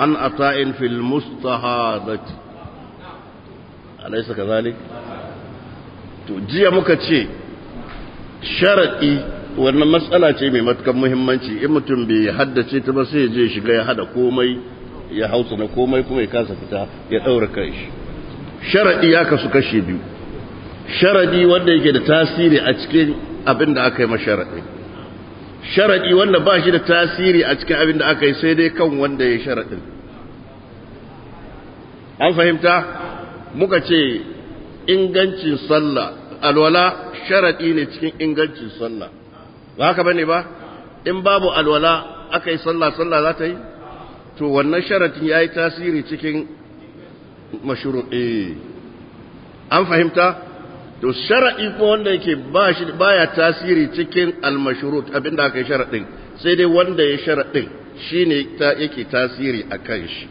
عن عطاء في المستهاضة أليس كذلك تجي مكتشي شرعي wannan matsala ce mai matukan muhimmanci in mutum bai haddace ta ba sai je shiga ya hada komai ya hausa na komai kuma ya kasa fita ya daura kai shi sharadi ya kasu kashe biyu sharadi wanda yake da tasiri a cikin abin da aka yi masharadi sharadi wanda ba shi da tasiri a cikin abin da aka yi sai dai kan wanda ya sharadin an fahimta muka ce ingancin sallah alwala sharaɗi ne cikin ingancin sallah ba haka bane ba in babu alwala aka yi sallah sallah za ta yi to wannan sharaɗin ya yi tasiri cikin mashuru an fahimta to sharaɗi ko wanda yake ba shi ya tasiri cikin almashurut abinda aka yi sharaɗin sai dai wanda ya sharaɗin shi ne yake tasiri a shi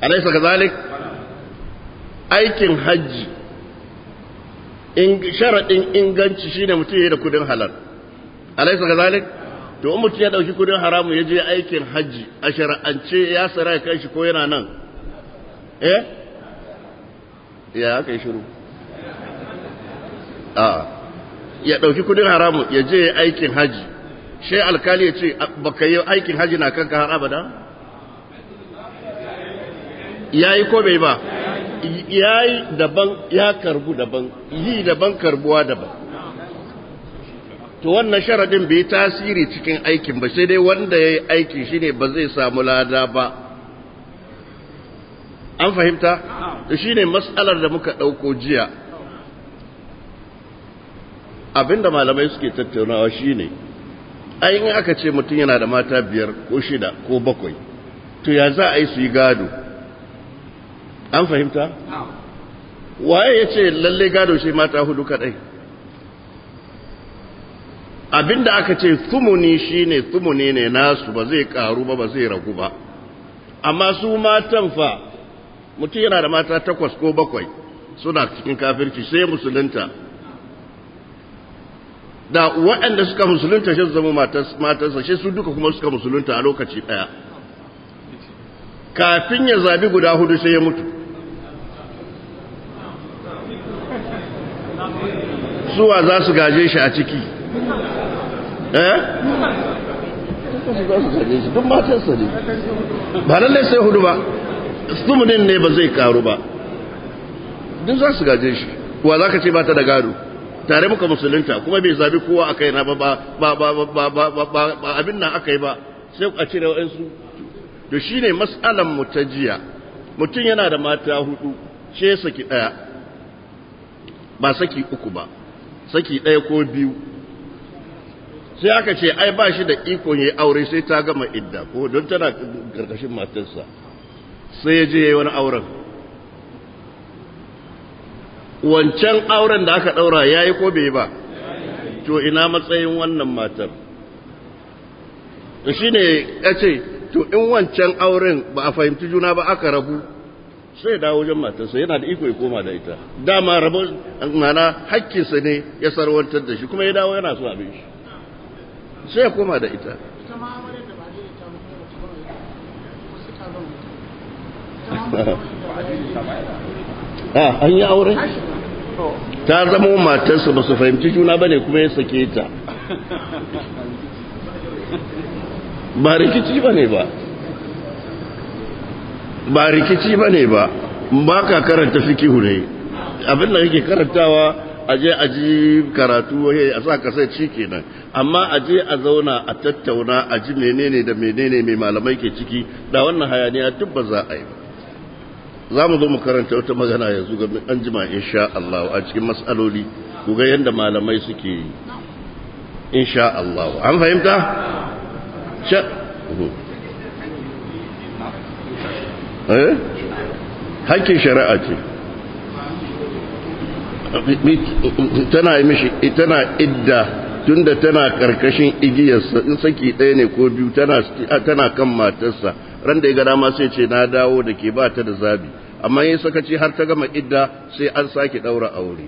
alaysa zalik aikin hajji in sharadin inganci shine mutum yayi da kudin halal alaysa zalik to in mutum ya dauki kudin haramu ya je aikin hajji a shar'ance ya tsira ya kai shi ko yana nan eh ya aka yi shiru a ya dauki kudin haramu ya je aikin hajji sai alkali ya ce baka yi aikin hajji na kanka har abada yayi ko bai ba Ya yi daban ya karbu daban yi daban karbuwa daban to wannan sharadin bai tasiri cikin aikin ba sai dai wanda ya yi aikin ne ba zai samu lada ba an fahimta shi ne matsalar da muka ɗauko jiya abinda malamai suke tattaunawa shi ne in aka ce mutum yana da mata biyar ko shida ko bakwai to ya za a yi su yi gado an fahimta waye ya ce lalle gado shi mata hudu kadai abinda aka ce shi ne tumuni ne nasu ba zai karu ba ba zai ragu ba amma su matan fa mutum yana da mata takwas ko bakwai suna cikin kafirci sai musulunta da waɗanda suka musulunta shi zama matarsa shi su duka kuma suka musulunta a lokaci ɗaya kafin ya zabi guda hudu sai ya mutu suwa za su gaje shi a ciki eh duk ne ba lallai sai hudu ba stumudin ne ba zai karu ba za su gaje shi kuwa za ka ce ba ta da gado tare muka musulunta kuma bai zabi kowa a kai na ba ba abin nan aka yi ba sai a cire wa'insu to shi ne matsalan mu ta jiya mutum yana da mata hudu ce saki ɗaya ba saki uku ba saki ɗaya ko biyu sai aka ce ai ba shi da iko ya aure sai ta gama idda ko don tana ƙarƙashin matarsa sai ya je ya yi wani auren wancan auren da aka ɗaura ya yi ko bai ba to ina matsayin wannan matar shi ne ya ce to in wancan auren ba a fahimci juna ba aka rabu sai dawo wajen matarsa yana da iko ya koma da ita dama rabo mana hakkinsa ne ya sarwantar da shi kuma ya dawo yana so abin shi sai ya koma da ita an yi aure ta zama matarsa ba su fahimci juna ba ne kuma ya sake ta ba rikici ba ne ba ba rikici ba ne ba ba ka karanta fikihu ne abinda da kake karantawa a je a ji karatu eh, a sa ka sai nan amma a je a zauna a tattauna a ji menene da menene mai malamai ke ciki da wannan hayaniya duk ba za a yi za mu zo mu karanta wata magana yanzu ga an jima insha Allah a cikin matsaloli ku ga yadda malamai suke yi insha Allah an fahimta? Eh? hakkin shari'a ce tana yi mishi tana idda tunda tana karkashin igiyarsa in saki ɗaya ne ko biyu tana kan matarsa ran da ya gada masu ce na dawo da ke ba ta da zabi amma yin sakaci har ta gama idda sai an sake ɗaura aure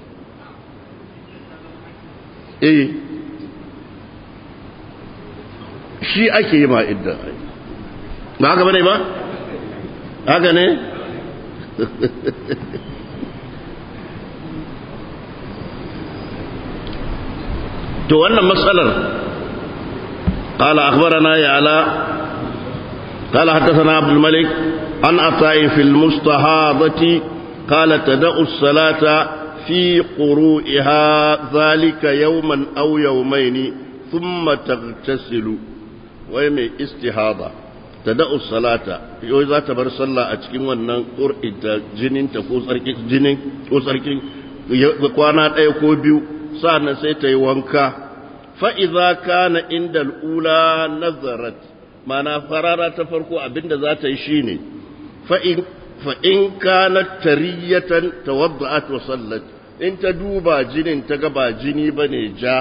eh shi ake yi ma idda ba haka bane ba haka تولى مسألة قال أخبرنا يا علاء قال حدثنا عبد الملك عن عطاء في المستحاضة قال تدأ الصلاة في قروئها ذلك يوما أو يومين ثم تغتسل ويمي استحاضة tada'u salata yau za ta bar sallah a cikin wannan jinin ta ko jinin ko tsarkin kwana ɗaya ko biyu sa'annan sai ta yi wanka fa'iza kana inda ula nazarat mana farara ta farko abinda za ta yi shi ne in kana tariyatan tawadda'at wa sallat in ta duba jinin ta ga ba jini bane ja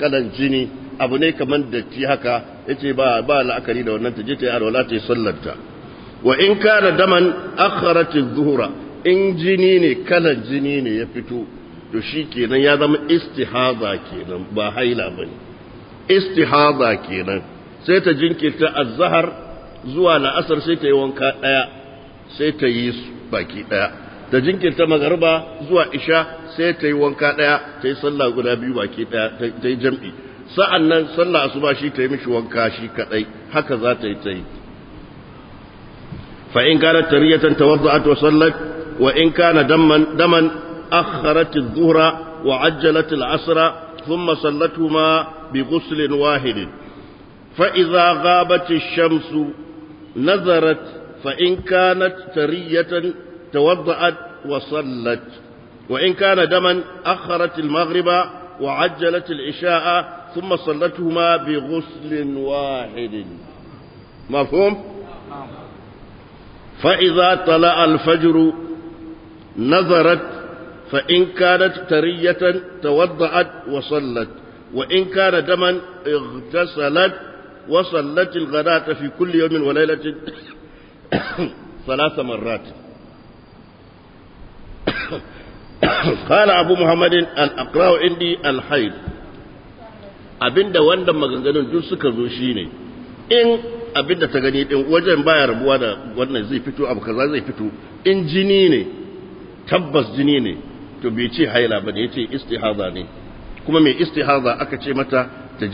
kalan jini abu ne kamar datti haka yace ba ba la'akari da wannan taje tayi ta tayi sallarta wa in kana daman akaratin zuhura in jini ne kalan jini ne ya fito to kenan ya zama istihaza kenan ba haila bane istihaza kenan sai ta jinkirta az-zahar zuwa la'asar sai ta yi wanka daya sai ta yi baki daya ta jinkirta magarba zuwa isha sai ta yi wanka daya ta yi sallah guda biyu baki daya ta yi jam'i sa'an nan sallah asuba shi ta yi mishi wanka shi kadai haka za ta yi ta yi fa in kana tariyatan tawadda'at wa sallat wa in kana daman daman akharat adh-dhuhra wa ajjalat al-asra thumma sallatuhuma bi ghuslin wahid fa idha ghabat ash-shamsu nazarat fa in kanat tariyatan tawadda'at wa sallat kana كان دما أخرت المغرب وعجلت العشاء ثم صلتهما بغسل واحد مفهوم فإذا طلع الفجر نظرت فإن كانت ترية توضأت وصلت وإن كان دما اغتسلت وصلت الغداة في كل يوم وليلة ثلاث مرات قال أبو محمد الأقراء عندي الحيض abinda wanda maganganun duk suka zo shine in abinda ta gani din wajen baya rabuwa da wannan zai fito abu kaza zai fito in jini ne tabbas jini ne to bai ce haila ba ne yace istihaza ne kuma mai istihaza aka ce mata ta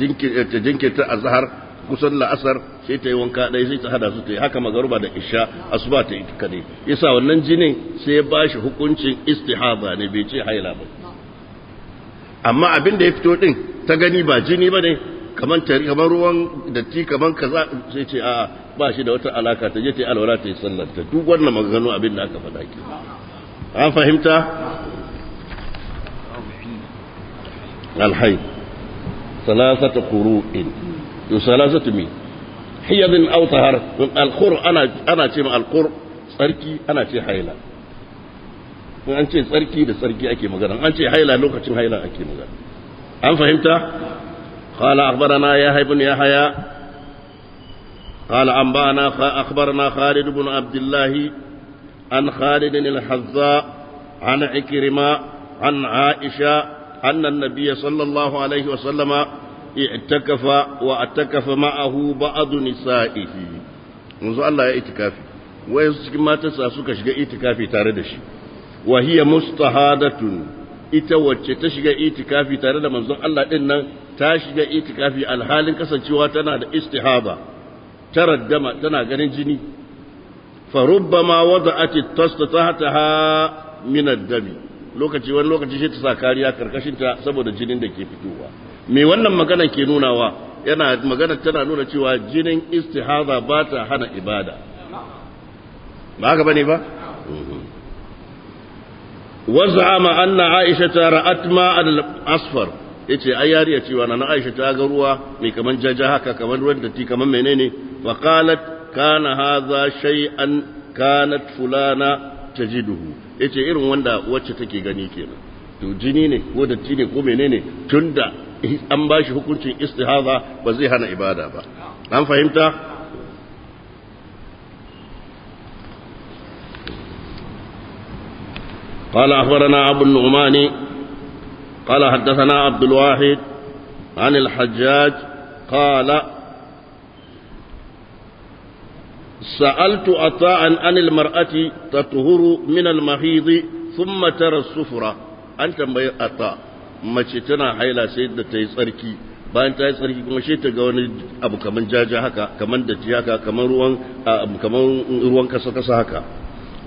jinkirta a zahar kusan la'asar sai ta yi wanka ɗaya sai ta hada su ta yi haka magaruba da isha asuba ta yi kaɗai yasa wannan jinin sai ya ba shi hukuncin istihaza ne bai ce haila ba amma abin da ya fito din. ta gani ba jini ba ne tari kaman ruwan datti ka za sai ce a ba shi da wata alaka ta je ta alwala ta yi sallar ta duk wannan magano abin da aka faɗa ki an fahimta alhai salasatu quru'in to salasata mi hiyazin aw tahar alqur ana ana ce ma alkur tsarki ana ce haila an ce tsarki da tsarki ake magana an ce haila lokacin haila ake magana أم فهمت قال أخبرنا يحيى بن يحيى قال أنبأنا أخبرنا خالد بن عبد الله عن خالد الحذاء عن عكرمة عن عائشة أن النبي صلى الله عليه وسلم اعتكف واعتكف معه بعض نسائه منذ الله اعتكافي ويسكن ما تسأل سكش اعتكافي تاردش وهي مستهادة ita wacce ta shiga itikafi tare da manzon Allah din nan ta shiga itikafi alhalin kasancewa tana da istihaba taraddama tana ganin jini fa rubbama wada'at at min ad-dami lokaci wani lokaci shi ta sa kariya karkashin ta saboda jinin da ke fitowa me wannan magana ke nunawa yana magana tana nuna cewa jinin istihaza ba ta hana ibada ba haka bane ba وزعم أن عائشة رأت ماء الأصفر yace ai yariya cewa na Aisha ta ga ruwa mai kaman jaja haka kaman ruwan datti kaman menene wa qalat kana hadha shay'an kanat fulana tajiduhu yace irin wanda wacce take gani kenan to jini ne ko datti ne ko menene tunda an bashi hukuncin istihaza ba zai hana ibada ba an fahimta قال أخبرنا أبو النعماني قال حدثنا عبد الواحد عن الحجاج قال سألت أطاعا عن المرأة تطهر من المحيض ثم ترى السفرة أنت ما أطاع ما شتنا حيلا سيدنا تيساركي bayan ta yi tsarki kuma shi ta ga wani abu kamar jaja haka kamar da haka kamar ruwan kasa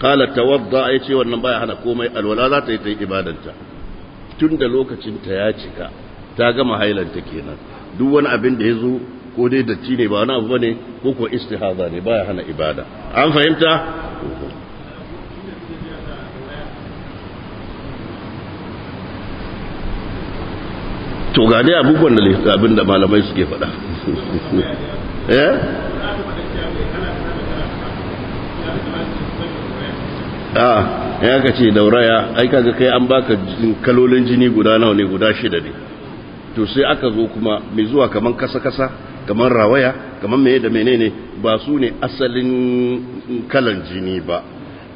qala tawadda yace wannan baya hana komai alwala za ta yi ta ibadanta Tun da lokacinta ya cika ta gama hailanta kenan duk wani abin da ya zo ko dai datti ne ba wani abu bane ko kuwa istihaza ne baya hana ibada an fahimta to ga dai abubuwan da abin da malamai suke faɗa eh? Aa, ya ka ce dauraya ai kaga kai an baka kalolin jini guda nawa ne guda shida ne to sai aka zo kuma mai zuwa kaman kasa kasa kaman rawaya kaman meye da menene ba su ne asalin kalan jini ba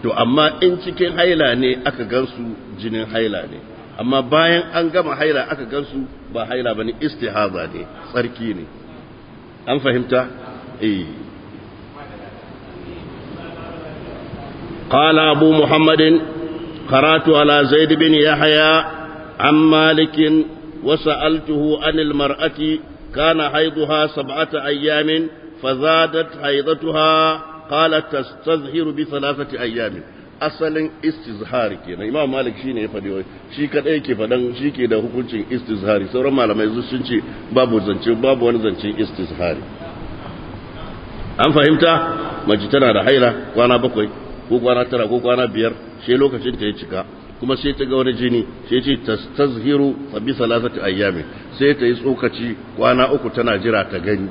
to amma in cikin haila ne aka gansu jinin haila ne amma bayan an gama haila aka gansu ba haila bane istihaza ne tsarki ne an fahimta eh قال أبو محمد قرأت على زيد بن يحيى عن مالك وسألته عن المرأة كان حيضها سبعة أيام فزادت حيضتها قال تستظهر بثلاثة أيام asalin istizhari kenan imam malik shine ya faɗi wai shi kadai ke faɗan shi ke da hukuncin istizhari sauran malamai sun ce babu zance babu wani zancen istizhari an fahimta mace tana da haila kwana bakwai ko kwana tara ko kwana biyar sai lokacin ta ya cika kuma sai ta ga wani jini sai ce tazhiru fa bi salasati ayyamin sai ta yi tsokaci kwana uku tana jira ta gani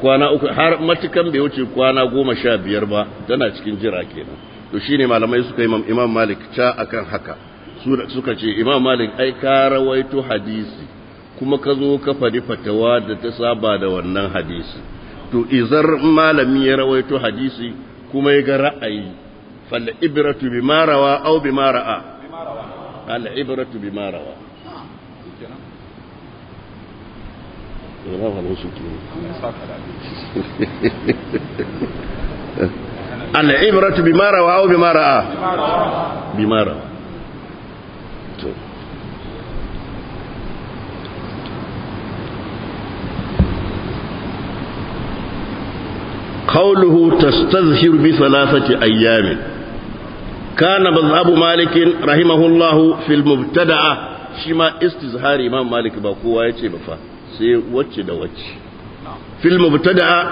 kwana uku har matukan bai wuce kwana goma sha biyar ba tana cikin jira kenan to shine malamai suka yi imam malik ca akan haka suka ce imam malik ai ka rawaito hadisi kuma ka zo ka fadi fatawa da ta saba da wannan hadisi to izar malami ya rawaito hadisi kuma ya ga ra'ayi fal ibratu to قوله تستظهر بثلاثة أيام كان مذهب مالك رحمه الله في المبتدعة شما استظهار إمام مالك بقوة يتبفى سي وجه دا وجه في المبتدعة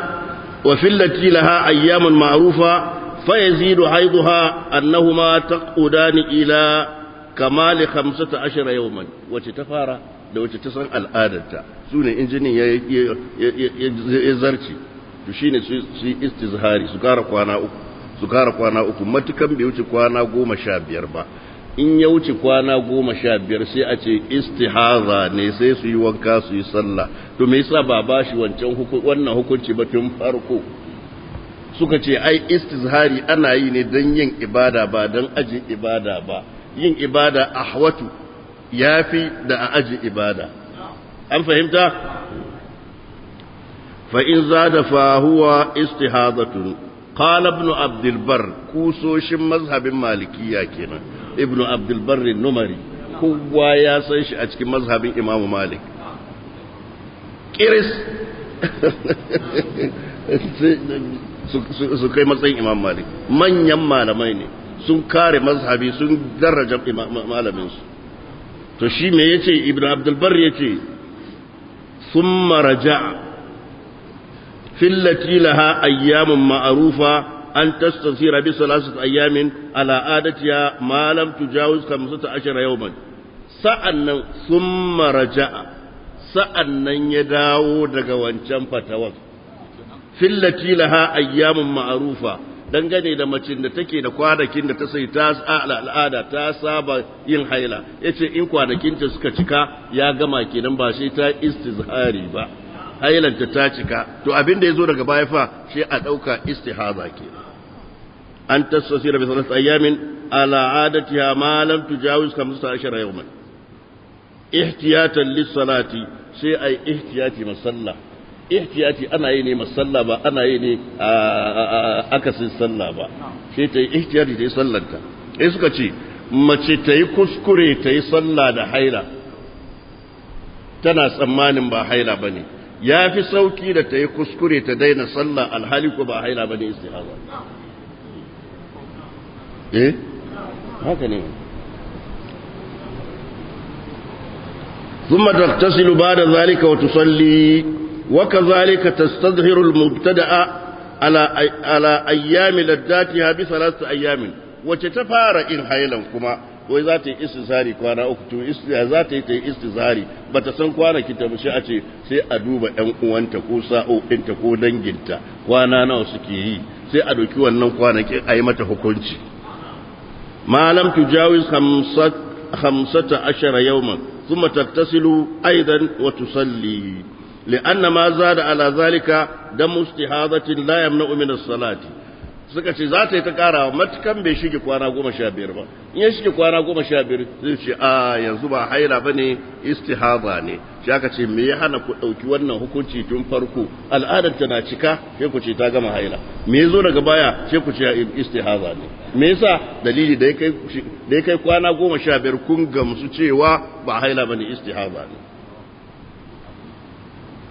وفي التي لها أيام معروفة فيزيد حيضها أنهما تقودان إلى كمال خمسة عشر يوما وتتفارى لو تتسن الآدة سوني إنجني يزرتي to shine su yi istizhari su kara kwana uku su kara kwana uku matukan bai wuce kwana goma sha biyar ba in ya wuce kwana goma sha biyar sai a ce istihaza ne sai su yi wanka su yi sallah to me yasa ba ba shi wancan wannan hukunci ba tun farko suka ce ai istizhari ana yi ne don yin ibada ba don ajin ibada ba yin ibada ahwatu yafi da a ajin ibada an fahimta فإن زاد فهو استحاضة قال ابن عبد البر كوسوش مذهب مالكية كنا ابن عبد البر النمري هو يا أجك مذهب إمام مالك كيرس su kai matsayin imam malik manyan malamai ne sun kare mazhabi sun daraja malamin su to shi me yace ibnu abdul bar yace summa raja'a fillati laha ayyamun ma'rufa an tastasira bi salasati ayyamin ala adatiha ma lam tujawiz 15 yawman sa'annan summa raja'a sa'annan ya dawo daga wancan fatawan fillati laha ayyamun ma'rufa dangane da macin da take da kwanakin da ta sai ta al'ada ta saba yin haila yace in kwanakinta suka cika ya gama kenan ba sai ta istizhari ba hailanta ta cika to abin da ya zo daga baya fa shi a ɗauka istihaza ke an tasasira bi salasa ayyamin ala adati ma malam tujawiz 15 yawman ihtiyatan lis-salati sai ai ihtiyati masalla ihtiyati ana yi ne masalla ba ana yi ne akasin sallah ba sai ta yi ihtiyati ta yi sallanta sai suka ce mace ta yi kuskure ta yi sallah da haila tana tsammanin ba haila ba ne ya fi sauki da ta yi kuskure ta daina sallah alhali ko ba haila ba ne istihaza eh haka ne ثم تغتسل بعد ذلك وتصلي وكذلك تستظهر المبتدأ على على أيام لذاتها wace ta وتتفارق حيلا كما wai za ta yi istizari kwana uku to za ta yi ta istizari ba ta san ki ta shi a ce sai a duba yan uwanta ko sa'o'inta ko danginta kwana nawa suke yi sai a doki wannan kwanakin a yi mata hukunci malam tujawiz hamsata ashara yawman ثم تغتسل أيضا وتصلي ma zada da zalika da mustihadatin la yamna'u min as salati. suka ce za ta yi ta wa matukan bai shige kwana goma sha biyar ba in ya shige kwana goma sha biyar zai ce a yanzu ba haila ba ne istihaba ne shi aka ce me ya hana ku ɗauki wannan hukunci tun farko al'adar ta na cika sai ku ce ta gama haila me ya zo daga baya sai ku ce istihaba ne me yasa dalili da ya kai kwana goma sha biyar kun gamsu cewa ba haila ba ne istihaba ne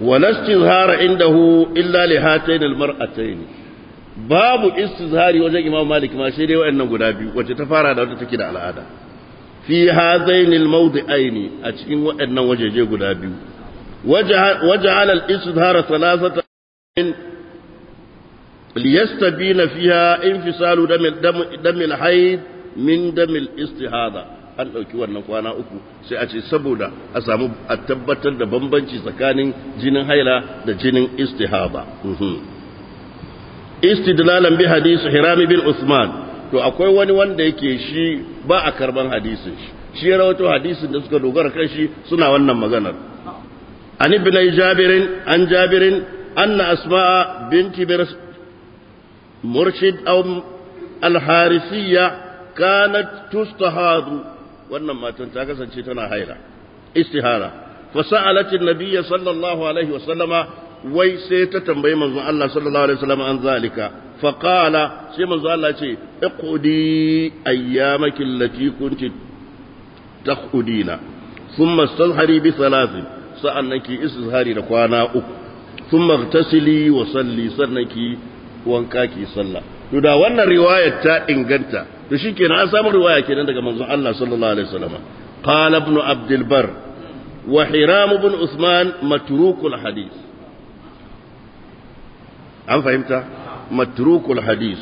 ولا استظهار عنده إلا لهاتين المرأتين babu istizhari wajen imam malik ma sai dai wayannan guda biyu wacce ta fara da wata take da al'ada fi hazaini almawdi'aini a cikin wayannan wajeje guda biyu waja'al al istizhar thalathata min liyastabina fiha infisalu dam al-hayd min dam al-istihada an dauki wannan kwana uku sai a ce saboda a samu a tabbatar da bambanci tsakanin jinin haila da jinin istihaba mhm. istidlalan bi hadisu hirami bin usman to akwai wani wanda yake shi ba a karban hadisin shi shi ya rawato hadisin da suka dogara kan shi suna wannan maganar an ibn jabirin an jabirin anna asma'a binti bir murshid aw al-harisiyya kanat tustahadu wannan matan ta kasance tana haila istihara فسألت النبي صلى الله عليه وسلم wai sai ta tambayi manzon Allah sallallahu alaihi wasallam an zalika fa qala sai manzon Allah ce iqudi ayyamaki allati kunti taqudina thumma istazhari bi thalathin sa'annan ki istizhari da kwana uku thumma igtasili wa salli sannan ki wanka ki sallah to da wannan riwaya ta inganta to shikenan an samu riwaya kenan daga manzon Allah sallallahu alaihi wasallam qala ibn abdul bar وحرام بن عثمان متروك الحديث an fahimta matrukul hadis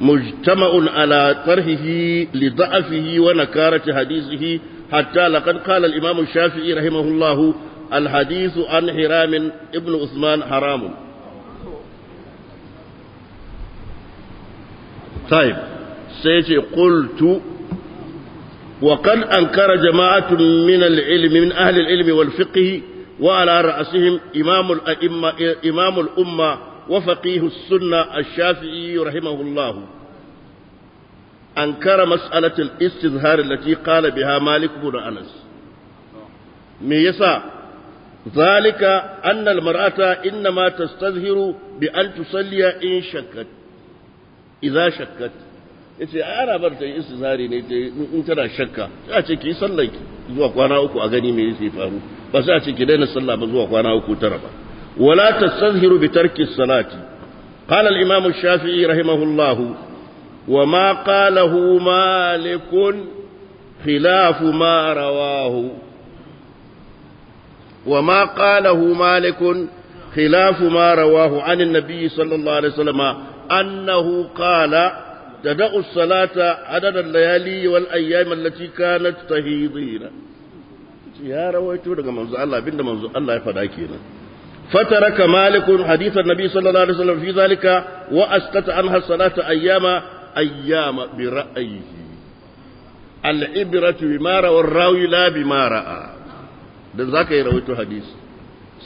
mujtama'un ala tarhihi li da'afihi wa nakarati hadisihi hatta laqad qala al-imam ash-shafi'i rahimahullahu الحديث عن حرام ابن عثمان حرام طيب سيتي قلت وقد أنكر جماعة من العلم من أهل العلم والفقه وعلى رأسهم إمام الأئمة إمام الأمة وفقيه السنة الشافعي رحمه الله أنكر مسألة الاستظهار التي قال بها مالك بن أنس ميسا ذلك أن المرأة إنما تستظهر بأن تصلي إن شكت إذا شكت أنا برت استظهاري نيت أنت لا شك أشكي صليك وأنا أكو أغني ميسي فارو بس أشكي لين الصلاة بزوق وأنا أكو تربى ولا تستظهر بترك الصلاة قال الإمام الشافعي رحمه الله وما قاله مالك خلاف ما رواه وما قاله مالك خلاف ما رواه عن النبي صلى الله عليه وسلم أنه قال تدعو الصلاة عدد الليالي والأيام التي كانت تهيضين يا رويتو daga منزو الله بين منزو الله يفداكينا فترك مالك حديث النبي صلى الله عليه وسلم في ذلك وأسقط عنها الصلاة أيام أيام برأيه العبرة بما روى الراوي لا بما رأى da za ka yi hadisi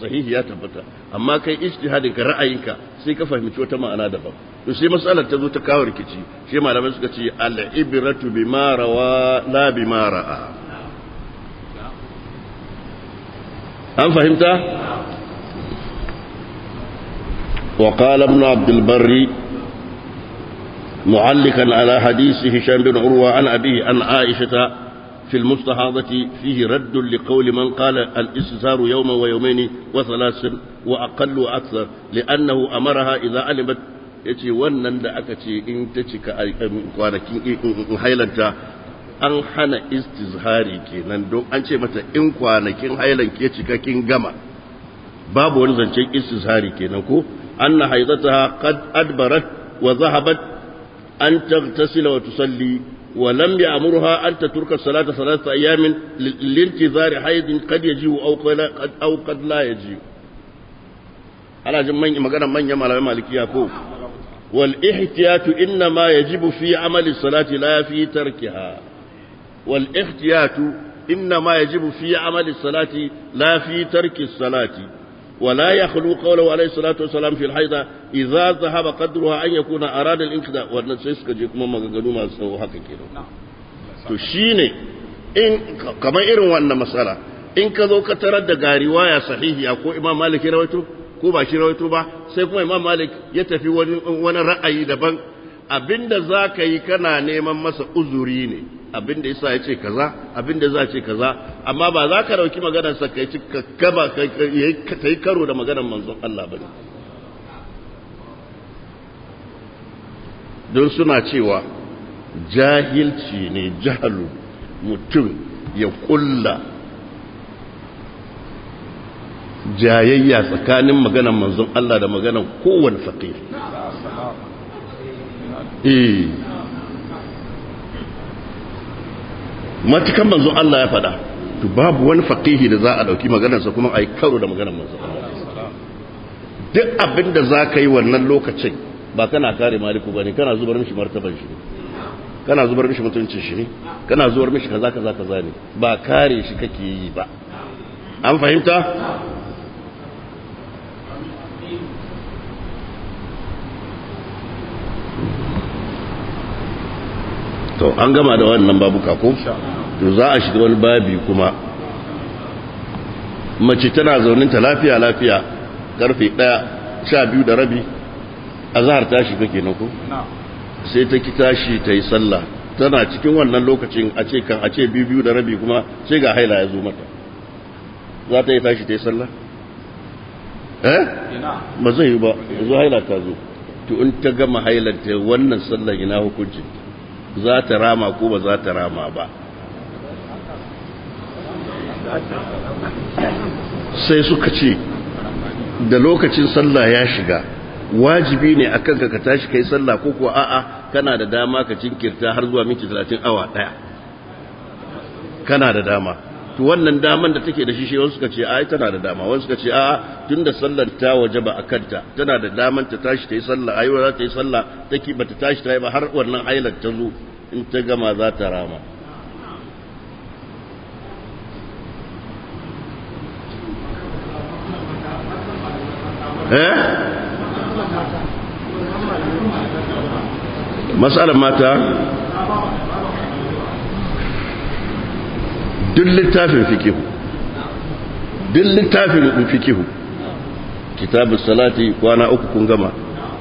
sahihi ya tabbata amma kai ijtihadin ka ra'ayinka sai ka fahimci wata ma'ana daban to sai matsalar ta zo ta kawo rikici sai malamai suka ce al an fahimta وقال ابن عبد البر معلقا على حديث هشام بن عروة عن أبيه عن عائشة في المستحاضة فيه رد لقول من قال الاستثار يوما ويومين وثلاث وأقل وأكثر لأنه أمرها إذا علمت yace wannan da aka ce in ta cika kwanakin hailanta an hana istizhari kenan don an ce mata in kwanakin hailan ke cika kin gama babu wani zancen istizhari kenan ko أن حيضتها قد أدبرت وذهبت أن تغتسل وتصلي ولم يأمرها أن تترك الصلاة ثلاثة أيام لانتظار حيض قد يجيء أو قد, أو قد لا يجيء أنا ما قال من يمال مالك فوق والاحتياط إنما يجب في عمل الصلاة لا في تركها والاحتياط إنما يجب في عمل الصلاة لا في ترك الصلاة ولا يخلو قوله عليه الصلاة والسلام في الحيضة إذا ذهب قدرها أن يكون أراد الانقضاء وأن سيسك جيكم ما قالوا ما سووا حق كده تشيني إن كما إرن وأن مسألة إن كذو كترد رواية صحيحة أكو إمام مالك رويته ko ba shi rawaito ba sai kuma imam malik ya tafi wani ra'ayi daban abinda za ka yi kana neman masa uzuri ne abinda isa ya ce kaza abinda za ce kaza amma ba za ka dauki maganar sa kai ka gaba ka yi karo da maganar manzon Allah ba. don suna cewa jahilci ne jahalu mutum ya kulla jayayya tsakanin maganar manzon Allah da maganar kowane faƙi. eh matukan manzo Allah ya faɗa to babu wani faqihi da za a dauki maganarsa kuma ai karo da maganar manzo duk abin da za ka yi wannan lokacin ba kana kare maliku ba ne kana zubar mishi martaban shi ne kana zubar mishi mutuncin shi ne kana zubar mishi kaza kaza kaza ne ba kare shi kake yi ba an fahimta to an gama da wannan babu ko to za a shiga wani babi kuma mace tana zaunin ta lafiya lafiya karfe 1 12 da rabi azhar ta shiga kenan ko sai ta ki tashi ta yi sallah tana cikin wannan lokacin a ce kan a ce biyu da rabi kuma sai ga haila ya zo mata za ta yi tashi ta yi sallah eh ba zai yi ba zo haila ta zo to in ta gama hailanta wannan sallah ina hukuncin za ta rama ko ba za ta rama ba sai suka ce da lokacin sallah ya shiga wajibi ne a kanka ka tashi kai sallah ko kuwa a'a kana da dama ka cinkirta har zuwa minti 30 awa daya kana da dama to wannan daman da take da shi shi wasu suka ce ai tana da dama wasu suka a tunda sallar ta wajaba a kanta tana da daman ta tashi ta yi sallah ai za ta yi sallah ta bata tashi ta yi ba har wannan ailar ta zo in ta gama za ta rama eh masalar mata duk littafin fikihu duk littafin fikihu kitabun salati kwana uku kun gama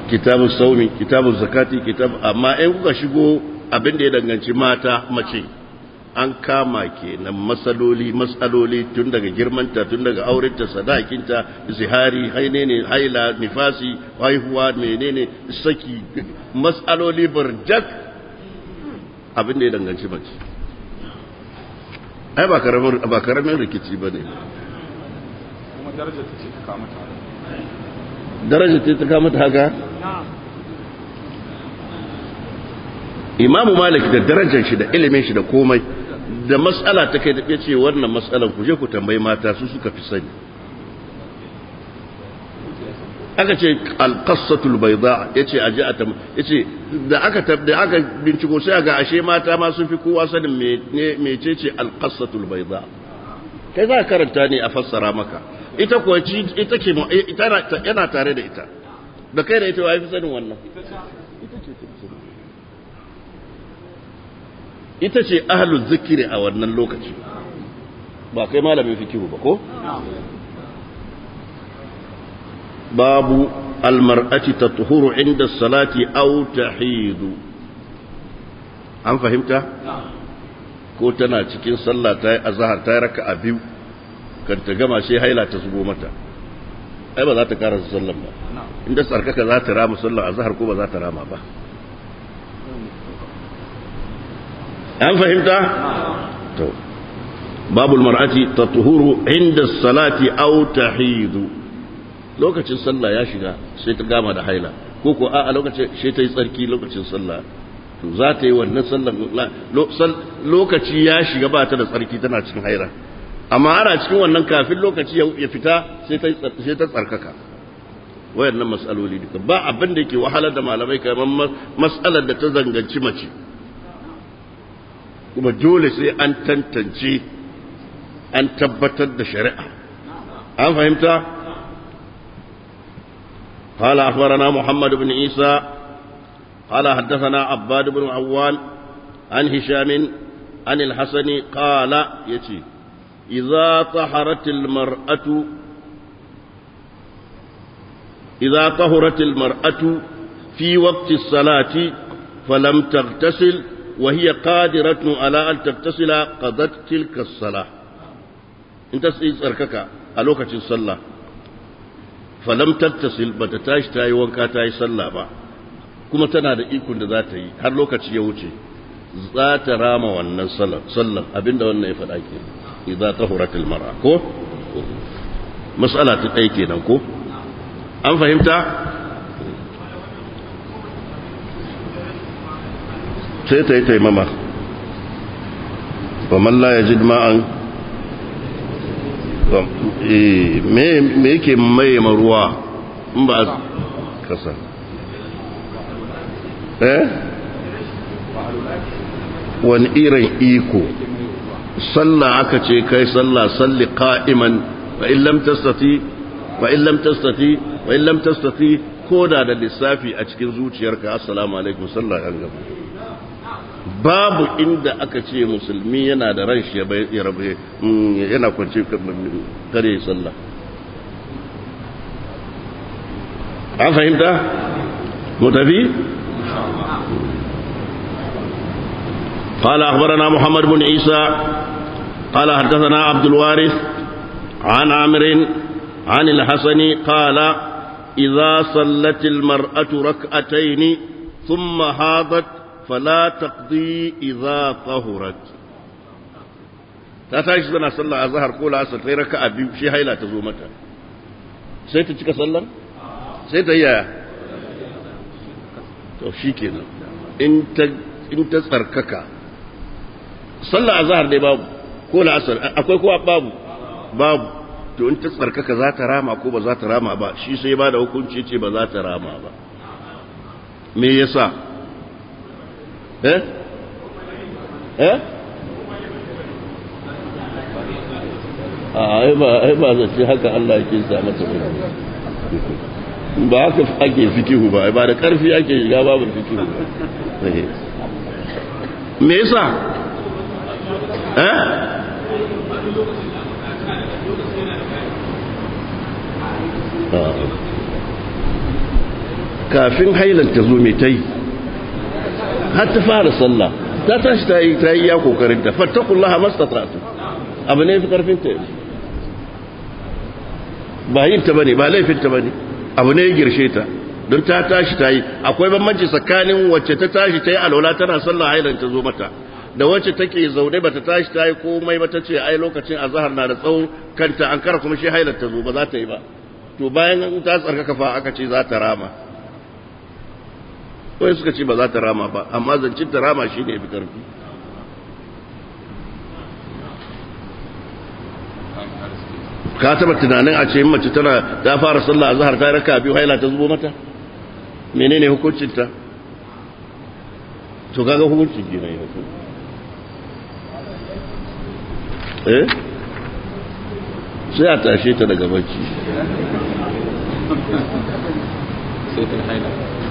kitabun saumi kitabun zakati kitabu amma in kuka shigo abin da ya danganci mata mace an kama kenan masaloli, mas'aloli, tun daga girmanta tun daga aurenta sadakinta zihari hainene haila nifasi haihuwa menene saki masaloli burjak abin da ya danganci mace ai ba karamin rikici ba ne. daraja ce ta kama ta haka Malik da darajar shi da ilimin shi da komai da matsala ta kai da ce wannan matsalan ku je ku tambayi mata su suka fi sani aka ce alƙassatul bai za ya ce a ta ya ce da aka da aka binciko sai ga ashe mata ma sun fi kowa sanin mece ce alƙassatul bai za kai za karanta ne a fassara maka ita kuwa ci ita ke ita eh, yana tare da ita da kai da ita wai fi sanin wannan ita ce ahlu zikiri a wannan lokaci ba kai malamin fikihu ba ko باب المرأة تطهر عند الصلاة أو تحيد an fahimta? ko tana cikin sallah a zahar ta raka a biyu kan ta gama shi haila ta zubo mata ba za ta karasa sallan ba inda tsarkaka za ta rama sallan a zahar ko ba za ta rama ba an fahimta? mar'ati ta tuhuru inda salati au lokacin sallah ya shiga sai ta gama da haila ko ko a lokacin sai ta yi tsarki lokacin sallah to za ta yi wannan sallah lokaci ya shiga ba ta da tsarki tana cikin haila amma ana cikin wannan kafin lokaci ya fita sai ta tsarkaka wayan nan matsaloli duka ba abin da yake wahala da malamai kamar matsalar da ta zanganci mace kuma dole sai an tantance an tabbatar da shari'a an fahimta قال أخبرنا محمد بن عيسى قال حدثنا عباد بن عوال عن هشام عن الحسن قال يتي إذا طهرت المرأة إذا طهرت المرأة في وقت الصلاة فلم تغتسل وهي قادرة على أن تغتسل قضت تلك الصلاة انت سيد أركك ألوكة الصلاة falam tattasil bata tashi ta yi wanka ta yi sallah ba kuma tana da ikon da za ta yi har lokaci ya wuce za ta rama wannan sallah abinda wannan ya faɗa ke idza tahuratil mar'a ko mas'ala ta ɗaya kenan ko an fahimta sai ta yi taimama ba man la yajid ma'an Eh, me yake mai maruwa in ba a kasa eh? wani irin iko sallah aka ce kai sallah salli ka'iman fa in lam tastati fa in koda da lissafi a cikin zuciyarka assalamu alaikum sallah ya gaba babu inda aka ce musulmi yana da ran shi ya rabe mm, yana kwanci mm, kare sallah an fahimta قال أخبرنا محمد بن عيسى قال حدثنا عبد الوارث عن عمر عن الحسن قال إذا صلت المرأة ركعتين ثم هاضت fala تقضي إذا طهرت ta tashi tana sallah azhar ko la'asar sai raka'a biyu shi haila ta zo mata sai ta cika sallar sai ta yaya to shikenan in in ta tsarkaka sallah azhar dai babu ko la'asar to in ta tsarkaka za ta rama ko ba za ta rama ba shi sai ba da hukunci ce ba za ta rama ba me yasa eh eh a ba zace haka Allah yake sa mata ba Ba haka ake fikihu ba ba da karfi ake shiga babu fikihu eh. me yasa eh kafin hailar ta zo mai ta yi har ta fara sallah ta tashi ta yi ta yi ya kokarin ta fattakullaha mastata'tu abu ne fi karfin ta ba yin ta bane ba laifin ta bane abu ne ya girshe ta don ta tashi ta yi akwai bambanci tsakanin wacce ta tashi ta yi alwala tana sallah hailan ta zo mata da wacce take zaune ba ta tashi ta yi komai ba ta ce ai lokacin azhar na da tsawo kanta an kara kuma shi hailan ta zo ba za ta yi ba to bayan ta tsarkaka fa aka ce za ta rama wai suka ce ba za ta rama ba amma zancen ta rama shi ne fi karfi ka taba tunanin a ce mace tana ta fara sallah a zahar ta raka biyu haila ta zubo mata menene hukuncinta to kaga hukuncin gina yi eh sai a tashe ta daga bacci sai ta haila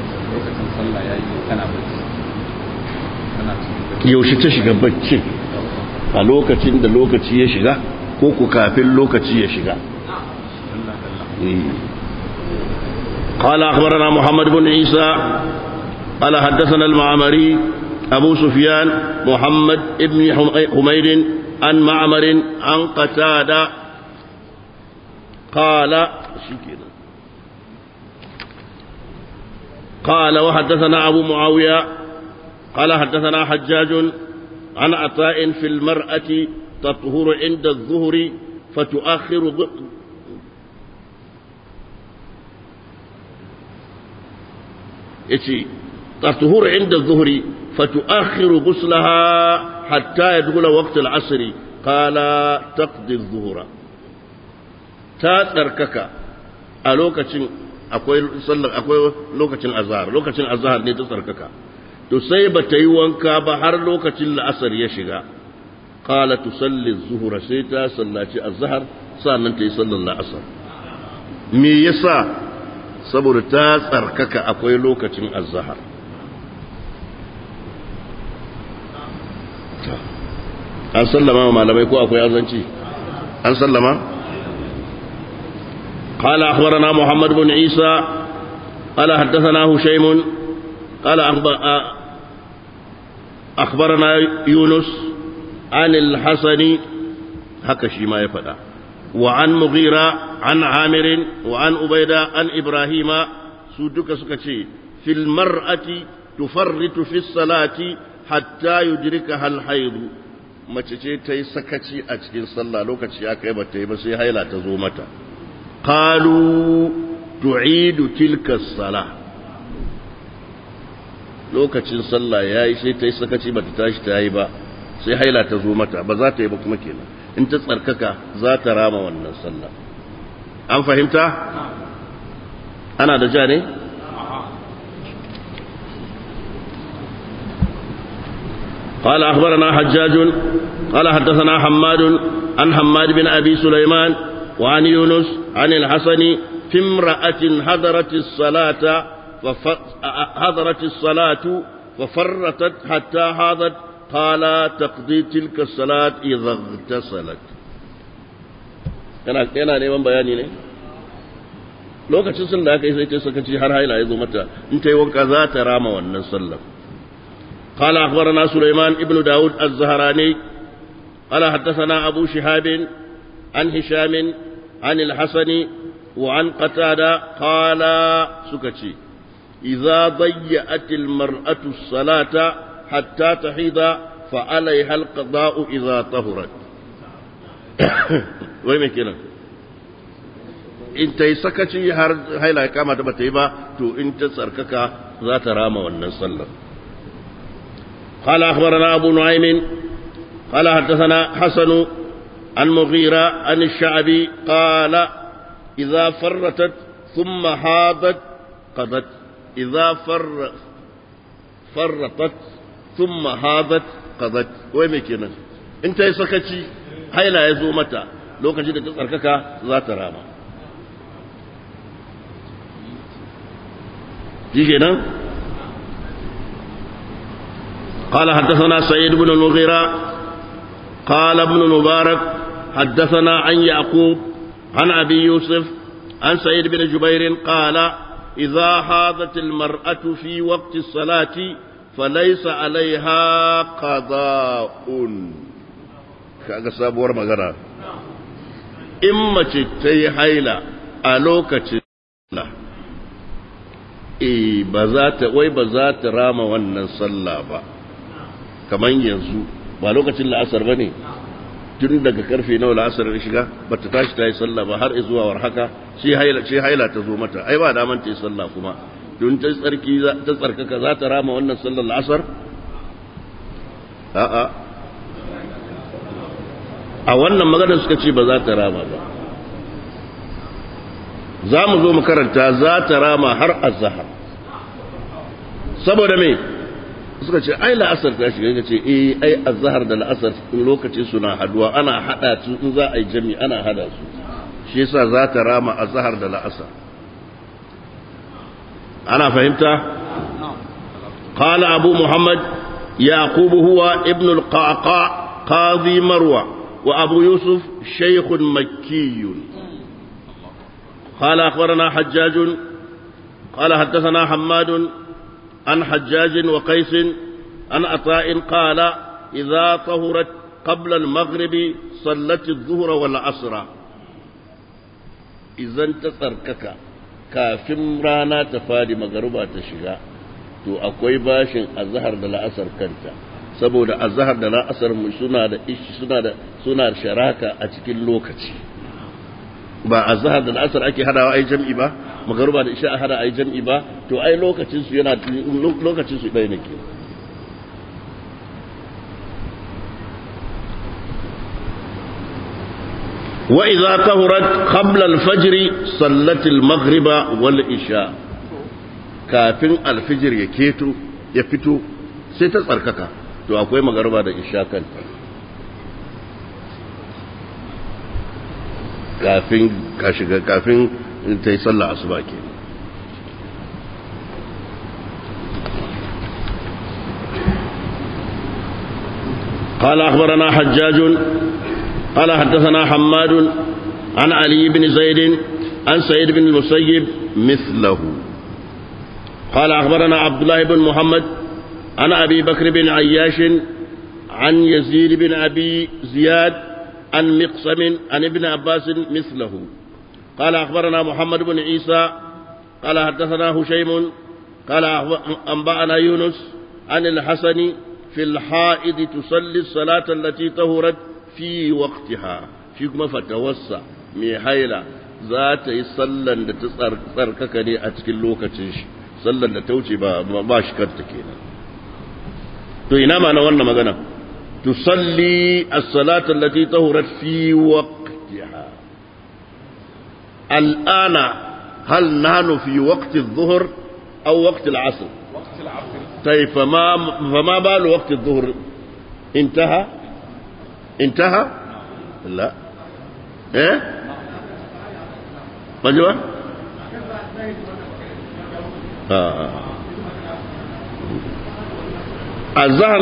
yaushe ta shiga bacci a lokacin da lokaci ya shiga ko ku kafin lokaci قال محمد بن عيسى قال حدثنا المعمري أبو سفيان محمد ابن حمير عن معمر عن قتادة قال قال وحدثنا أبو معاوية قال حدثنا حجاج عن عطاء في المرأة تطهر عند الظهر فتؤخر يتي تطهر عند الظهر فتؤخر غسلها حتى يدخل وقت العصر قال تقضي الظهر تاتركك a lokacin akwai sallar akwai lokacin azhar lokacin azhar ne ta tsarkaka to sai ba ta yi wanka ba har lokacin la'asar ya shiga qala tusalli zuhura sai ta sallaci azhar sannan ta yi sallar la'asar me yasa saboda ta tsarkaka akwai lokacin azhar an sallama malamai ko akwai azanci an sallama قال أخبرنا محمد بن عيسى قال حدثنا هشيم قال أخبرنا يونس عن الحسن هكشي ما يفدا وعن مغيرة عن عامر وعن أبيدة عن إبراهيم سودك سكتي في المرأة تفرط في الصلاة حتى يدركها الحيض mace ce ta yi sakaci a cikin sallah lokaci ya kai ba ta yi ba sai haila ta zo mata قالوا تعيد تلك الصلاة لو لوكا صلى يا إيسي تيسكا تيبا تتاش تايبا سيحي لا تزومتا بزاتا يبقى مكينا انت تصرككا زاتا راما وانا صلى أم فهمتا أنا دجاني قال أخبرنا حجاج قال حدثنا حماد عن حماد بن أبي سليمان وعن يونس عن الحسن في امرأة حضرت الصلاة فف... حضرت الصلاة ففرطت حتى حاضت قال تقضي تلك الصلاة إذا اغتسلت yana yana neman bayani ne lokacin sun da aka yi sai ta sakaci har haila ya zo mata in ta yi wanka za ta rama wannan sallar قال أخبرنا سليمان ابن داود الزهراني قال حدثنا أبو شهاب عن هشام عن الحسن وعن قتادة قال سكتي إذا ضيأت المرأة الصلاة حتى تحيض فعليها القضاء إذا طهرت وين كده in ta yi sakaci har haila ya kama ta bata yi ba to in ta tsarkaka za ta rama wannan sallar قال أخبرنا أبو نعيم قال حدثنا حسن المغيرة عن الشعبي قال إذا فرتت ثم هابت قضت إذا فر فرطت ثم هابت قضت ويمكن أنت يسكتي هاي لا يزومتا لو كان كنت تتركك ذات راما جينا قال حدثنا سعيد بن المغيرة قال ابن المبارك حدثنا عن يعقوب عن أبي يوسف عن سعيد بن جبير قال إذا حاضت المرأة في وقت الصلاة فليس عليها قضاء kaga sabuwar magana in mace ta yi haila a lokacin eh wai ba za ta rama wannan sallah ba kaman yanzu ba lokacin la'asar ba ne tun daga karfe nawa la'asar ya shiga ba ta tashi ta yi sallah ba har zuwa war haka shi haila haila ta zo mata ai ba daman ta yi sallah kuma tun ta tsarki ta tsarkaka za ta rama wannan sallar la'asar a'a a wannan maganar suka ce ba za ta rama ba za mu zo mu karanta za ta rama har azhar saboda me suka ce ai la'asar ta shiga ka ce eh ai azhar da la'asar lokacin suna haduwa ana hada su in za a yi jami ana hada su shi yasa za ta rama azhar da la'asar ana fahimta qala قال أبو محمد يعقوب هو ابن القعقاع marwa wa abu yusuf شيخ مكي qala akhbarana hajjaj قال حدثنا حماد An عن حجاج وقيس عن عطاء قال إذا طهرت قبل المغرب Izan ta tsarkaka kafin rana ta رانا magariba ta shiga, to akwai bashin azhar da la'asar kanta saboda azhar da la'asar suna da sharaka a cikin lokaci ba azhar da la'asar ake hadawa ai jam'i ba magaruba da isha hada ai jam'i ba to ai lokacin su yana lokacin su ɗaya ne ke wa idza tahurat qabla al-fajr sallat al maghrib wal isha kafin al-fajr ya keto ya fito sai ta tsarkaka to akwai magaruba da isha kan kafin ka shiga kafin in ta yi tsalla su ba ke ƙala akwarana hajjajun ƙala haddasa hammadun an aliyu bin zaidin an sayid bin musayib mislahu ƙala akwarana abdullahi bin muhammad an abi bakar bin ayyashin an yaziri bin abi ziyad an miƙsamin an ibn abbasin mislahu قال أخبرنا محمد بن عيسى قال حدثنا هشيم قال أنبأنا يونس عن الحسن في الحائض تصلي الصلاة التي طهرت في وقتها فيكما فتوسع ميحيلا ذات صلى لتسركك لي أتكل لوكتش صلى توتي باشكرت كينا تو إنما أنا وانا مغنى تصلي الصلاة التي طهرت في وقتها الآن هل نحن في وقت الظهر أو وقت العصر وقت العصر طيب فما, فما بال وقت الظهر انتهى انتهى لا ايه مجوى آه. الظهر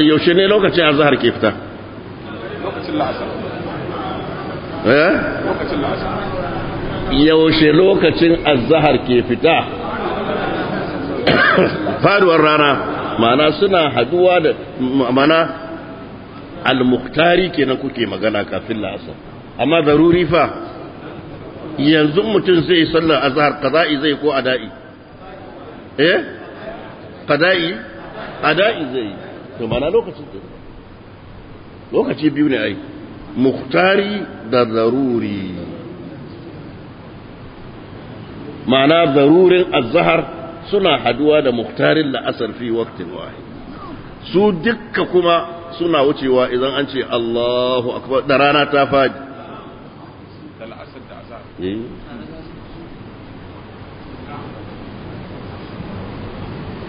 يوشيني لو lokacin الظهر كيف fita وقت العصر ايه وقت العصر yaushe lokacin azahar ke fita faduwar rana mana suna haduwa da mana almuktari kenan kuke magana kafin la'asar amma zaruri fa yanzu mutum zai sallar azhar kaza'i zai ko ada'i eh kaza'i ada'i zai to mana lokacin lokaci biyu ne ai muktari da zaruri معنى ضرور الظهر سنا حدوا دا مختار لأثر في وقت واحد سو كما سنا وچي وإذا أنت الله أكبر درانا تافاج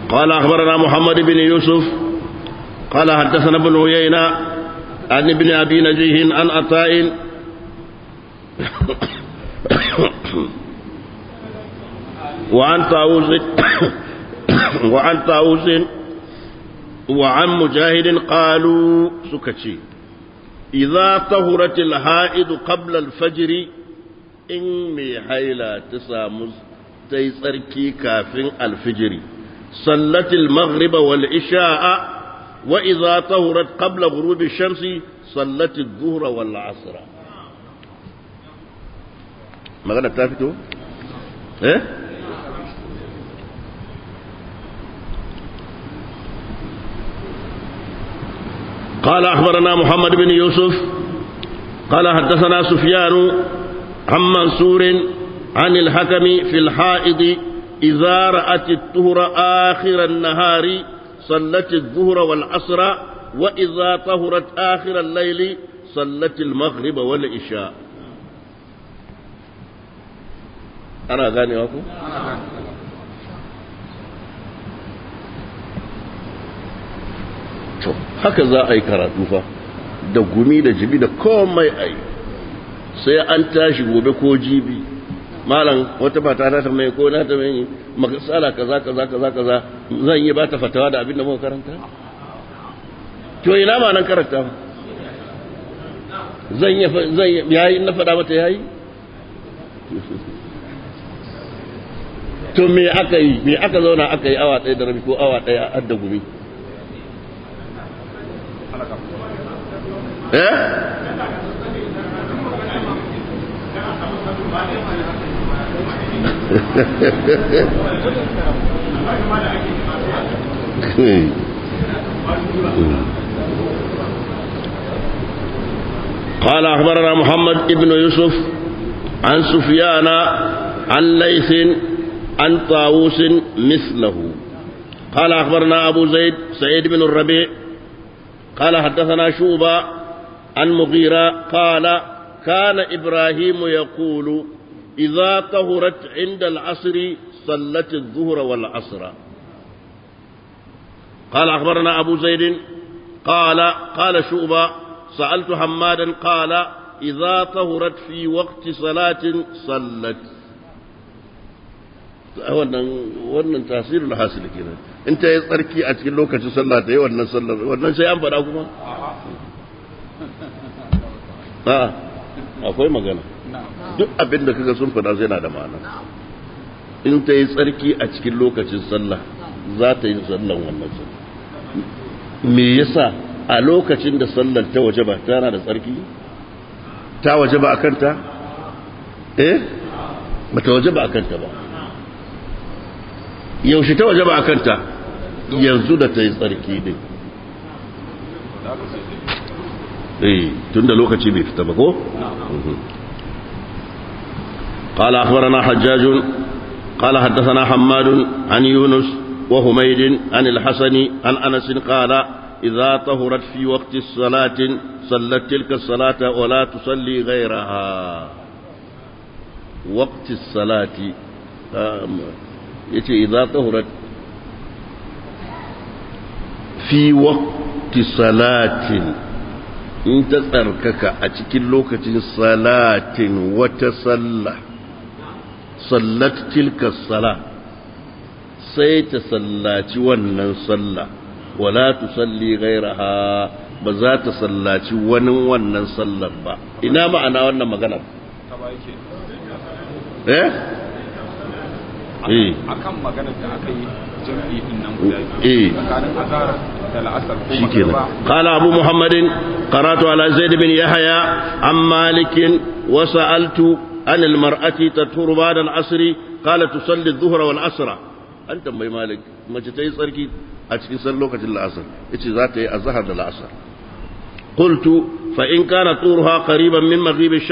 قال أخبرنا محمد بن يوسف قال حدثنا ابن عيينة عن ابن أبي نجيه عن أطائن وعن طاووس وعن طاووس suka ce قالوا سكتي إذا طهرت الحائض قبل in mai haila ta samu ta yi tsarki kafin alfijiri sallatil maghriba wal isha'a wa idza tahurat qabla ghurubi shamsi sallatil dhuhra wal asra magana ta fito قال أخبرنا محمد بن يوسف قال حدثنا سفيان عن منصور عن الحكم في الحائض إذا رأت الطهر آخر النهار صلت الظهر والعصر وإذا طهرت آخر الليل صلت المغرب والعشاء أنا أغاني أكو to haka za a yi karatu fa da gumi da jibi da komai a yi sai an tashi gobe ko jibi malam wata mata ta tambaye ko na ta mai makasala kaza kaza kaza kaza zan yi ba ta fatawa da abin da muka karanta to ina ma nan karanta zan yi zan yayi na faɗa mata yayi to me aka yi me aka zauna aka yi awa ɗaya da rabi ko awa ɗaya a adda gumi إيه؟ قال أخبرنا محمد ابن يوسف عن سفيان عن ليث عن طاووس مثله قال أخبرنا أبو زيد سعيد بن الربيع قال حدثنا شوبة عن المغيرة قال كان إبراهيم يقول إذا طهرت عند العصر صلت الظهر والعصر قال أخبرنا أبو زيد قال قال شؤبة سألت حمادا قال إذا طهرت في وقت صلاة صلت wannan tasirin hasili kenan in ta yi tsarki a cikin lokacin sallah ta yi wannan sallar wannan sai an faɗa kuma a'a akwai magana duk abin da kaga sun fada na da ma'ana in ta yi tsarki a cikin lokacin sallah za ta yi sallan wannan me yasa a lokacin da sallar ta waje ba tana da tsarki ta waje ba a kanta eh ba ta waje ba a kanta ba yaushe ta waje ba a kanta yanzu da ta yi tsarki din eh tunda lokaci bai قال أخبرنا حجاج قال حدثنا حماد عن يونس وهميد عن الحسن عن أنس قال إذا طهرت في وقت الصلاة صلت تلك الصلاة ولا تصلي غيرها وقت الصلاة يتي إذا طهرت في وقت صلاة in ta tsarkaka a cikin lokacin salatin wata sallah sallat tilka sala sai ta sallaci wannan sallah wala tu tusalli ghairaha ba za ta sallaci wani wannan sallar ba ina ma'ana wannan maganar eh Eh. akan maganar da aka yi jami'i din nan guda biyu eh. tsakanin da la'asar shi kenan qala abu muhammadin karatu ala zaid bin yahya an malik wa sa'altu an al mar'ati taturu ba'da al asr qala tusalli an tambayi malik mace ta yi tsarki a cikin lokacin la'asar yace za ta yi azhar da la'asar qultu fa in kana turuha qariban min maghrib ash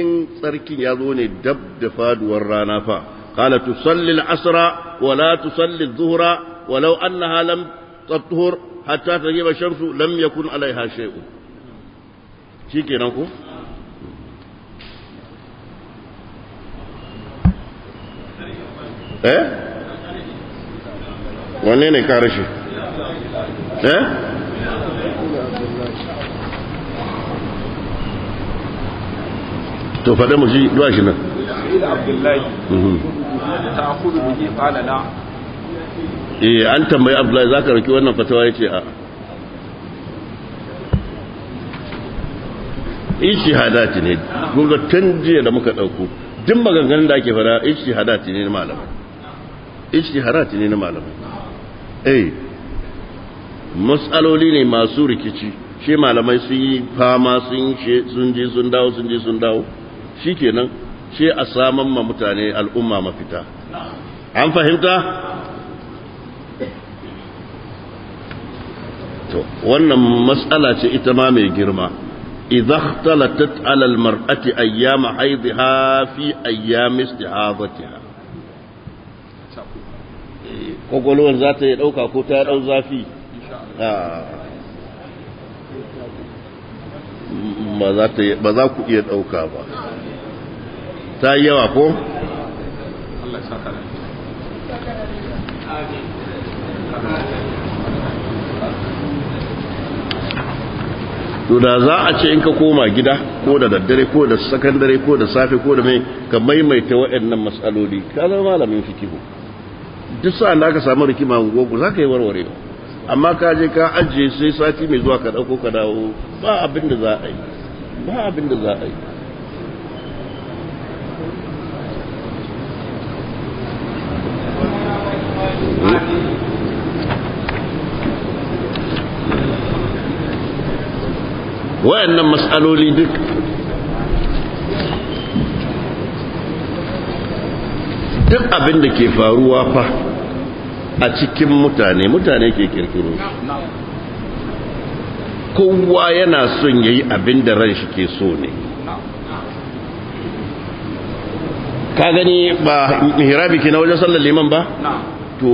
in tsarkin ya zo ne dab da faduwar rana fa قال تصلي العصر ولا تصلي الظهر ولو أنها لم تطهر حتى تجيب الشمس لم يكن عليها شيء شيكي نقول ايه wanne كارشي ايه to faɗa mu ji zuwa shi nan mhm. eh an tambayi abdullahi za ka roki wannan fatawa ya ce a hadati ne gunga tun jiya da muka ɗauko duk maganganun da ake fara hadati ne na malamai hadati ne na malamai eh matsaloli ne masu rikici shi malamai sun yi fama sun je sun dawo sun je sun dawo shikenan shi a saman ma mutane al'umma mafita an fahimta to wannan matsala ce ita ma mai girma idza ikhtalatat ala almar'ati ayyam haidha fi ayyam istihadatiha kogolwan za ta yi dauka ko ta dau zafi ba za ku iya dauka ba ta yi yawa ko to da za a ce in ka koma gida ko da daddare ko da sakandare ko da safe ko da mai ka maimaita waɗannan matsaloli ka zama malamin fikihu duk sa'an da ka samu rikima gogo za ka yi warware amma ka je ka ajiye sai sati mai zuwa ka ɗauko ka dawo ba abin da za a yi ba abin da za a yi wayannan matsaloli duk duk abin da ke faruwa fa a cikin mutane mutane ke kirkiro kowa yana son yayi abin da ran shi ke so ne ka gani ba hirabi ke na wajen sallar liman ba to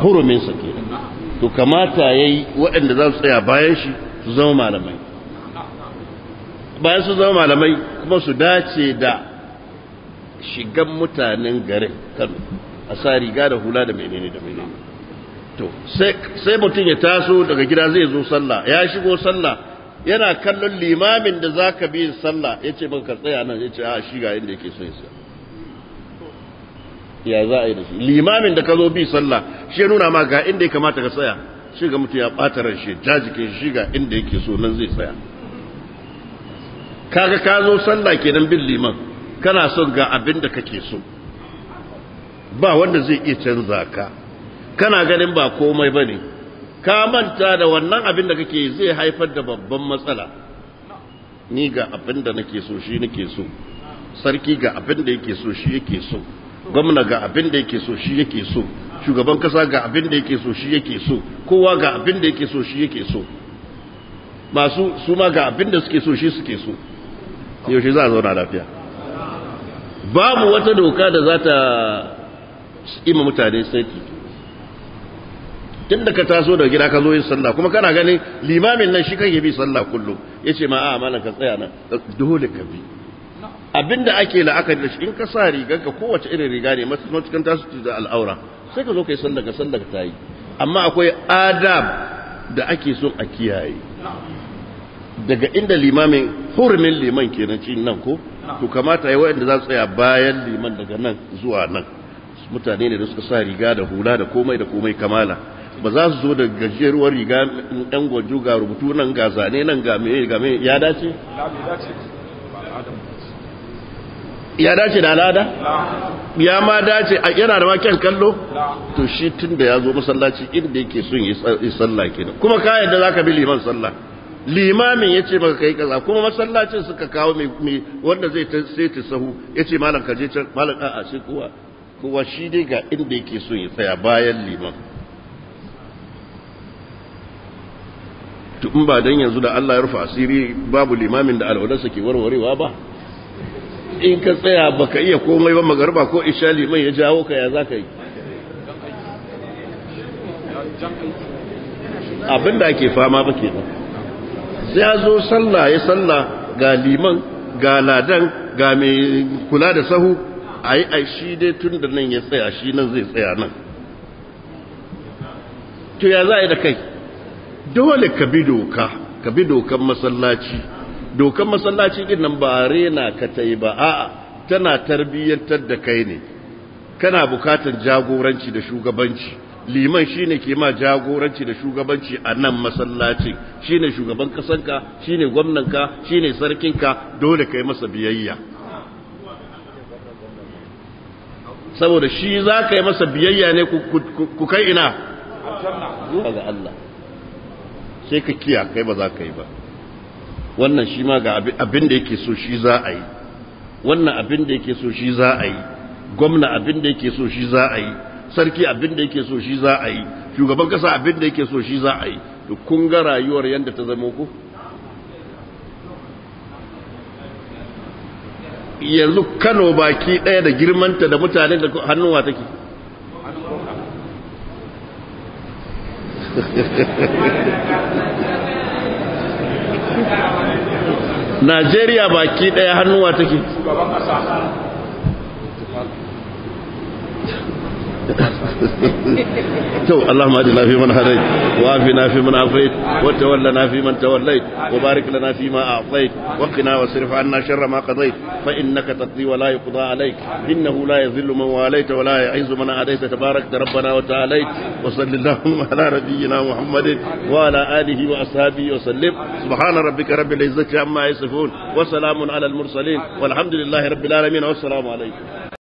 hurumin sa ke to kamata yayi waɗanda za su tsaya bayan shi su zama malamai bayan su zama malamai kuma su dace da shigan mutanen garin kano a sa riga da hula da menene da menene to sai mutum ya taso daga gida zai zo sallah ya shigo sallah yana kallon limamin da za ka bi sallah ya ce ka tsaya nan ya ce a ah, shi ga inda yake so ya ya za a yi da shi limamin da ka zo bi sallah shi nuna ma ga inda ya kamata ka tsaya shi ga mutu ya ɓata ran shi jajikin shi ga inda yake so nan zai tsaya kaga ka zo sallah kenan bin liman kana son ga abin da kake so ba wanda zai iya canza ka kana ganin ba komai bane ka manta da wannan abin da kake zai haifar da babban matsala ni ga abin da nake so shi nake so sarki ga abin da yake so shi yake so gwamna ga abin da yake so shi yake so shugaban kasa ga abin da yake so shi yake so kowa ga abin da yake so shi yake so masu su ma ga abin da suke so shi suke so yaushe za a zauna lafiya babu wata doka da za ta ima mutane saiti tun da ka taso da gida ka zo yin sallah kuma kana ganin limamin nan shi kan bi sallah kullum ya ce ma a ka tsaya nan dole ka bi Abin da ake la'akari da shi in ka sa rigar ka kowace irin riga ne masu cikin tasu da al'aura sai ka zo ka yi sallah ka sallar ta yi amma akwai adab da ake so a kiyaye daga inda limamin hurumin liman kenan cin nan ko to kamata yi waɗanda za su tsaya bayan liman daga nan zuwa nan mutane ne da suka sa riga da hula da komai da komai kamala ba za su zo da gajeruwar riga ɗan gwajo ga rubutu nan ga zane nan ga mai ya dace? ya dace da al'ada ya ma dace a yana da makyan kallo to shi tun da ya zo masallaci inda yake son yi sallah kenan kuma ka yadda za ka bi liman sallah limamin ya ce maka kai kaza kuma masallacin suka kawo mai wanda zai ta sahu ya ce malam ka je can malam a'a sai kowa kowa shi dai ga inda yake son ya tsaya bayan liman To in ba don yanzu da Allah ya rufa asiri babu limamin da alwalansa ke warwarewa ba in ka tsaya baka iya komai ba magarba ko isha liman ya jawo ka ya za ka yi abin da ake fama ba ke nan sai ya zo sallah ya sallah ga liman ga ladan ga mai kula da sahu a yi aishi dai tun da nan ya tsaya shi nan zai tsaya nan to ya za a yi da kai dole ka bi doka ka bi dokan masallaci dokan masallaci din nan ba rena ka ta yi ba a'a tana tarbiyyantar da kai ne kana bukatar jagoranci da shugabanci liman shine ke ma jagoranci da shugabanci a nan masallacin shine shugaban kasanka shine gwamnanka shine sarkinka dole kai masa biyayya saboda shi za ka yi masa biyayya ne ku kai ina zuwa Allah sai ka kiya kai ba za ka yi ba wannan shi ma ga abin da yake so shi za a yi wannan abin da yake so shi za a yi gwamna abin da yake so shi za a yi sarki abin da yake so shi za a yi shugaban kasa abin da yake so shi za a yi kun ga rayuwar yadda ta zama ku yanzu kano baki ɗaya da girmanta da mutane da hannuwa take najeriya baki ɗaya hannuwa take تو اللهم اهدنا فيمن هديت وعافنا فيمن عافيت وتولنا فيمن توليت وبارك لنا فيما اعطيت وقنا واصرف عنا شر ما قضيت فانك تقضي ولا يقضى عليك انه لا يذل من واليت ولا يعز من عاديت تبارك ربنا وتعاليت وصل اللهم على نبينا محمد وعلى اله واصحابه وسلم سبحان ربك رب العزه عما يصفون وسلام على المرسلين والحمد لله رب العالمين والسلام عليكم